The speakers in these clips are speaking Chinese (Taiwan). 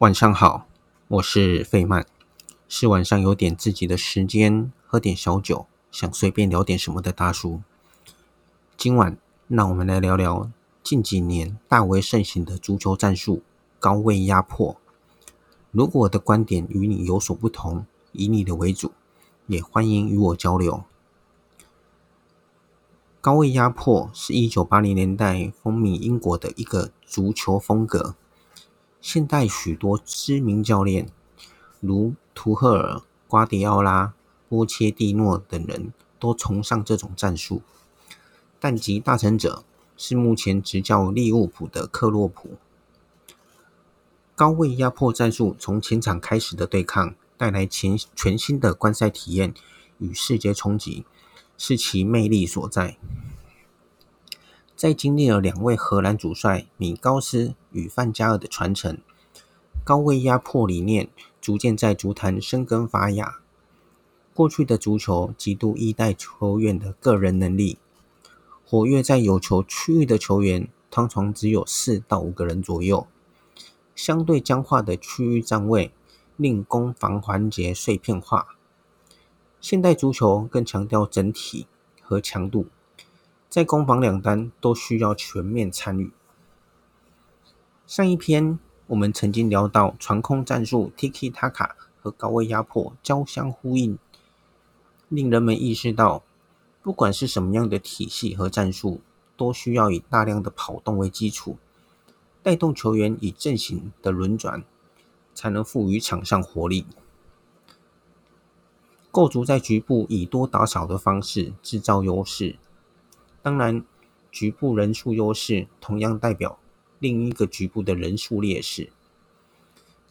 晚上好，我是費曼，是晚上有點自己的時間，喝點小酒，想隨便聊點什麼的大叔。今晚讓我們來聊聊近幾年大為盛行的足球戰術——高位壓迫。如果我的觀點與你有所不同，以你的為主，也歡迎與我交流。高位壓迫是一九八零年代風靡英國的一個足球風格。現代許多知名教練，如圖赫爾、瓜迪奧拉、波切蒂諾等人都崇尚這種戰術，但集大成者是目前執教利物浦的克洛普。高位壓迫戰術從前場開始的對抗，帶來全新的觀賽體驗與視覺衝擊，是其魅力所在。在經歷了兩位荷蘭主帥米高斯與范加爾的傳承，高位壓迫理念逐漸在足壇生根發芽。過去的足球極度依賴球員的個人能力，活躍在有球區域的球員通常只有四到五個人左右，相對僵化的區域站位令攻防環節碎片化。現代足球更強調整體和強度。在攻防兩端都需要全面參與。上一篇我們曾經聊到傳控戰術 （Tiki Taka） 和高位壓迫交相呼應，令人們意識到，不管是什麼樣的體系和戰術，都需要以大量的跑動為基礎，帶動球員以陣型的輪轉，才能賦予場上活力，構築在局部以多打少的方式制造優勢。當然，局部人數優勢同樣代表另一個局部的人數劣勢。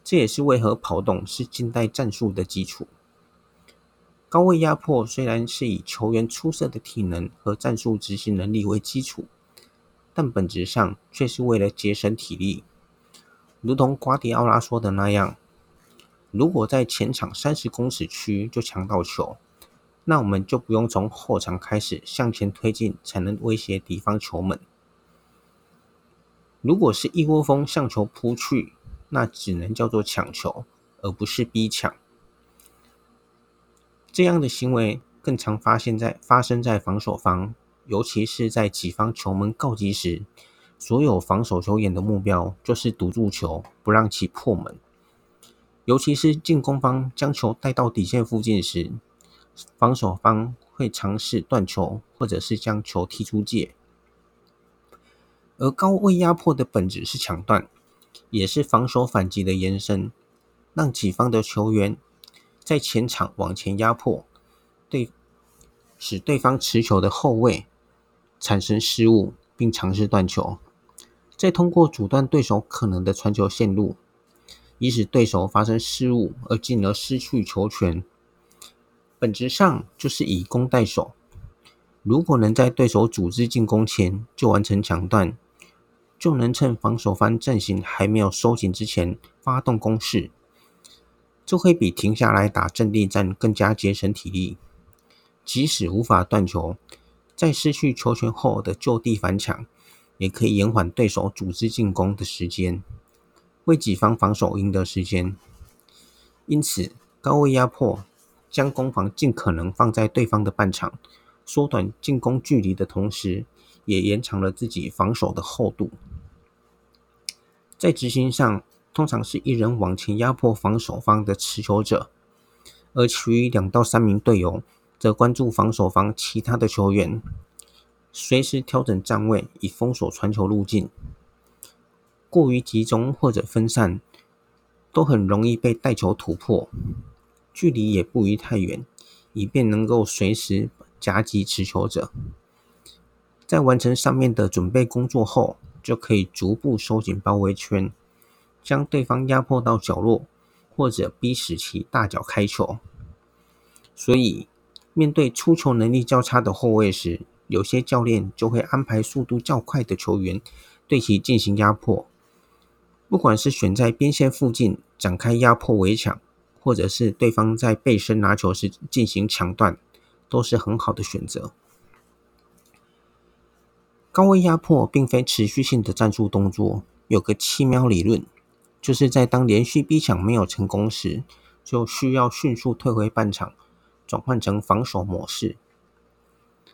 這也是為何跑動是近代戰術的基礎。高位壓迫雖然是以球員出色的體能和戰術執行能力為基礎，但本質上卻是為了節省體力。如同瓜迪奧拉說的那樣，如果在前場三十公尺區就搶到球。那我們就不用從後場開始向前推進，才能威脅敵方球門。如果是一窩蜂向球撲去，那只能叫做搶球，而不是逼搶。這樣的行為更常發現在發生在防守方，尤其是在己方球門告急時，所有防守球員的目標就是堵住球，不讓其破門。尤其是進攻方將球帶到底線附近時。防守方會嘗試斷球，或者是將球踢出界。而高位壓迫的本質是搶斷，也是防守反擊的延伸，讓己方的球員在前場往前壓迫，對使對方持球的後衛產生失誤，並嘗試斷球，再通過阻斷對手可能的傳球線路，以使對手發生失誤，而進而失去球權。本質上就是以攻代守。如果能在對手組織進攻前就完成搶斷，就能趁防守方陣型還沒有收緊之前發動攻勢，這會比停下來打陣地戰更加節省體力。即使無法斷球，在失去球權後的就地反搶，也可以延緩對手組織進攻的時間，為己方防守贏得時間。因此，高位壓迫。將攻防盡可能放在對方的半場，縮短進攻距離的同時，也延長了自己防守的厚度。在執行上，通常是一人往前壓迫防守方的持球者，而其餘兩到三名隊友則關注防守方其他的球員，隨時調整站位以封鎖傳球路徑。過於集中或者分散，都很容易被帶球突破。距離也不宜太遠，以便能夠隨時夾擊持球者。在完成上面的準備工作後，就可以逐步收緊包圍圈，將對方壓迫到角落，或者逼使其大腳開球。所以，面對出球能力較差的後衛時，有些教練就會安排速度較快的球員對其進行壓迫。不管是選在邊線附近展開壓迫圍牆。或者是對方在背身拿球時進行搶斷，都是很好的選擇。高位壓迫並非持續性的戰術動作，有個七秒理論，就是在當連續逼搶沒有成功時，就需要迅速退回半場，轉換成防守模式。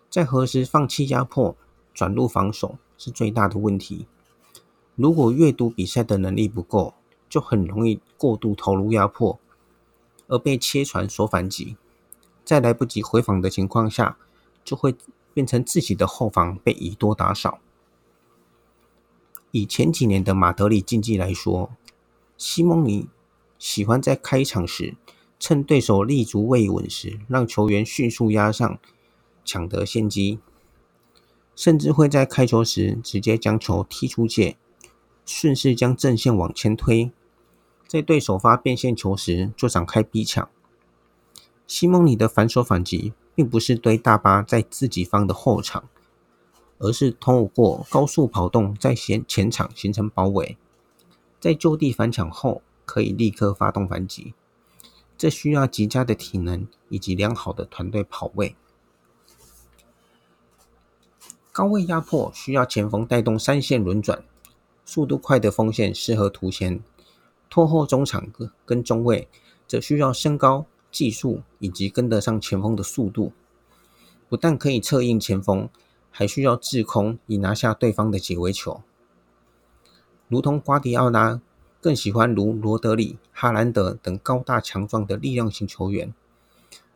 在何時放棄壓迫，轉入防守是最大的問題。如果閱讀比賽的能力不夠，就很容易過度投入壓迫。而被切傳所反擊，在來不及回防的情況下，就會變成自己的後防被以多打少。以前幾年的馬德里競技來說，西蒙尼喜歡在開場時趁對手立足未穩時，讓球員迅速壓上搶得先機，甚至會在開球時直接將球踢出界，順勢將陣線往前推。在對手發變線球時，就展開逼搶。西蒙尼的反手反擊，並不是堆大巴在自己方的後場，而是通過高速跑動，在前前場形成包圍，在就地反搶後，可以立刻發動反擊。這需要極佳的體能以及良好的團隊跑位。高位壓迫需要前鋒帶動三線輪轉，速度快的鋒線適合突前。拖後中場跟中衛則需要身高、技術以及跟得上前鋒的速度，不但可以策應前鋒，還需要制空以拿下對方的解圍球。如同瓜迪奧拉更喜歡如羅德里、哈蘭德等高大強壯的力量型球員，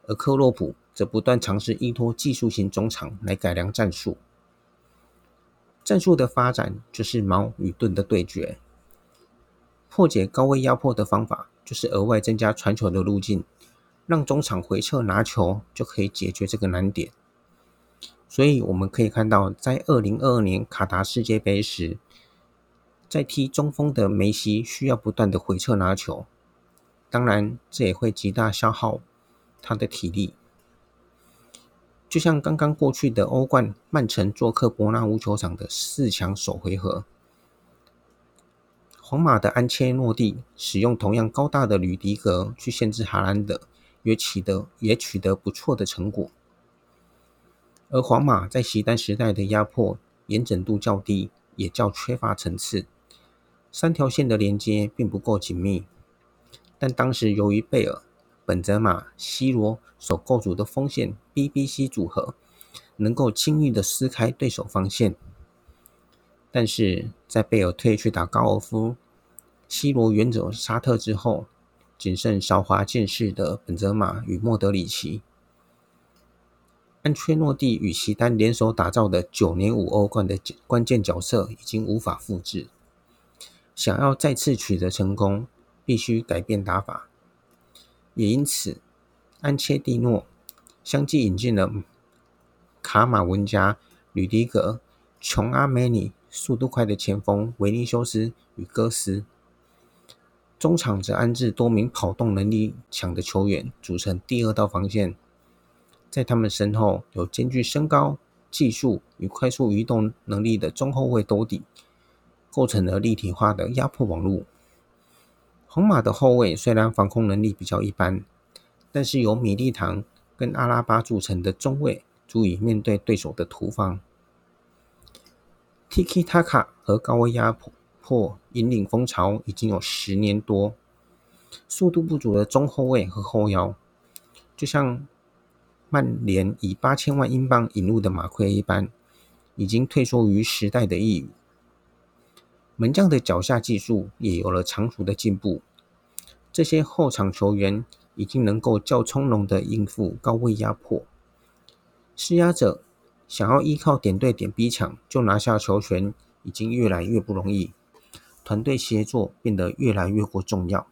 而克洛普則不斷嘗試依托技術型中場來改良戰術。戰術的發展就是矛與盾的對決。破解高位壓迫的方法，就是額外增加傳球的路徑，讓中場回撤拿球，就可以解決這個難點。所以我們可以看到，在2022年卡達世界杯時，在踢中鋒的梅西需要不斷的回撤拿球，當然這也會極大消耗他的體力。就像剛剛過去的歐冠，曼城做客伯納烏球場的四強首回合。皇馬的安切洛蒂使用同樣高大的呂迪格去限制哈蘭德，也取得也取得不錯的成果。而皇馬在席丹時代的壓迫嚴整度較低，也較缺乏層次，三條線的連接並不夠緊密。但當時由於貝爾、本澤馬、C 羅所構築的鋒線 BBC 組合，能夠輕易的撕開對手防線。但是在貝爾退去打高爾夫，C 羅遠走沙特之後，僅剩韶華漸逝的本澤馬與莫德里奇，安切洛蒂與席丹聯手打造的九年五歐冠的關鍵角色已經無法複製。想要再次取得成功，必須改變打法。也因此，安切蒂諾相繼引進了卡馬文加、呂迪格、瓊阿梅尼。速度快的前鋒維尼修斯與戈斯，中場則安置多名跑動能力強的球員組成第二道防線，在他們身後有兼具身高、技術與快速移動能力的中後衛兜底，構成了立體化的壓迫網絡。皇馬的後衛雖然防空能力比較一般，但是由米利唐跟阿拉巴組成的中衛足以面對對手的突防。Tiki Taka 和高位壓迫引領風潮已經有十年多，速度不足的中後衛和後腰，就像曼聯以八千萬英鎊引入的馬奎一般，已經退縮於時代的異域。門將的腳下技術也有了長足的進步，這些後場球員已經能夠較從容的應付高位壓迫，施壓者。想要依靠點對點逼搶就拿下球權，已經越來越不容易，團隊協作變得越來越過重要。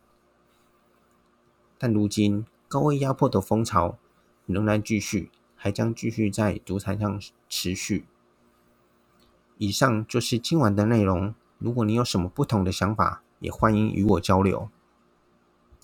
但如今高位壓迫的風潮仍然繼續，還將繼續在足壇上持續。以上就是今晚的內容。如果你有什麼不同的想法，也歡迎與我交流。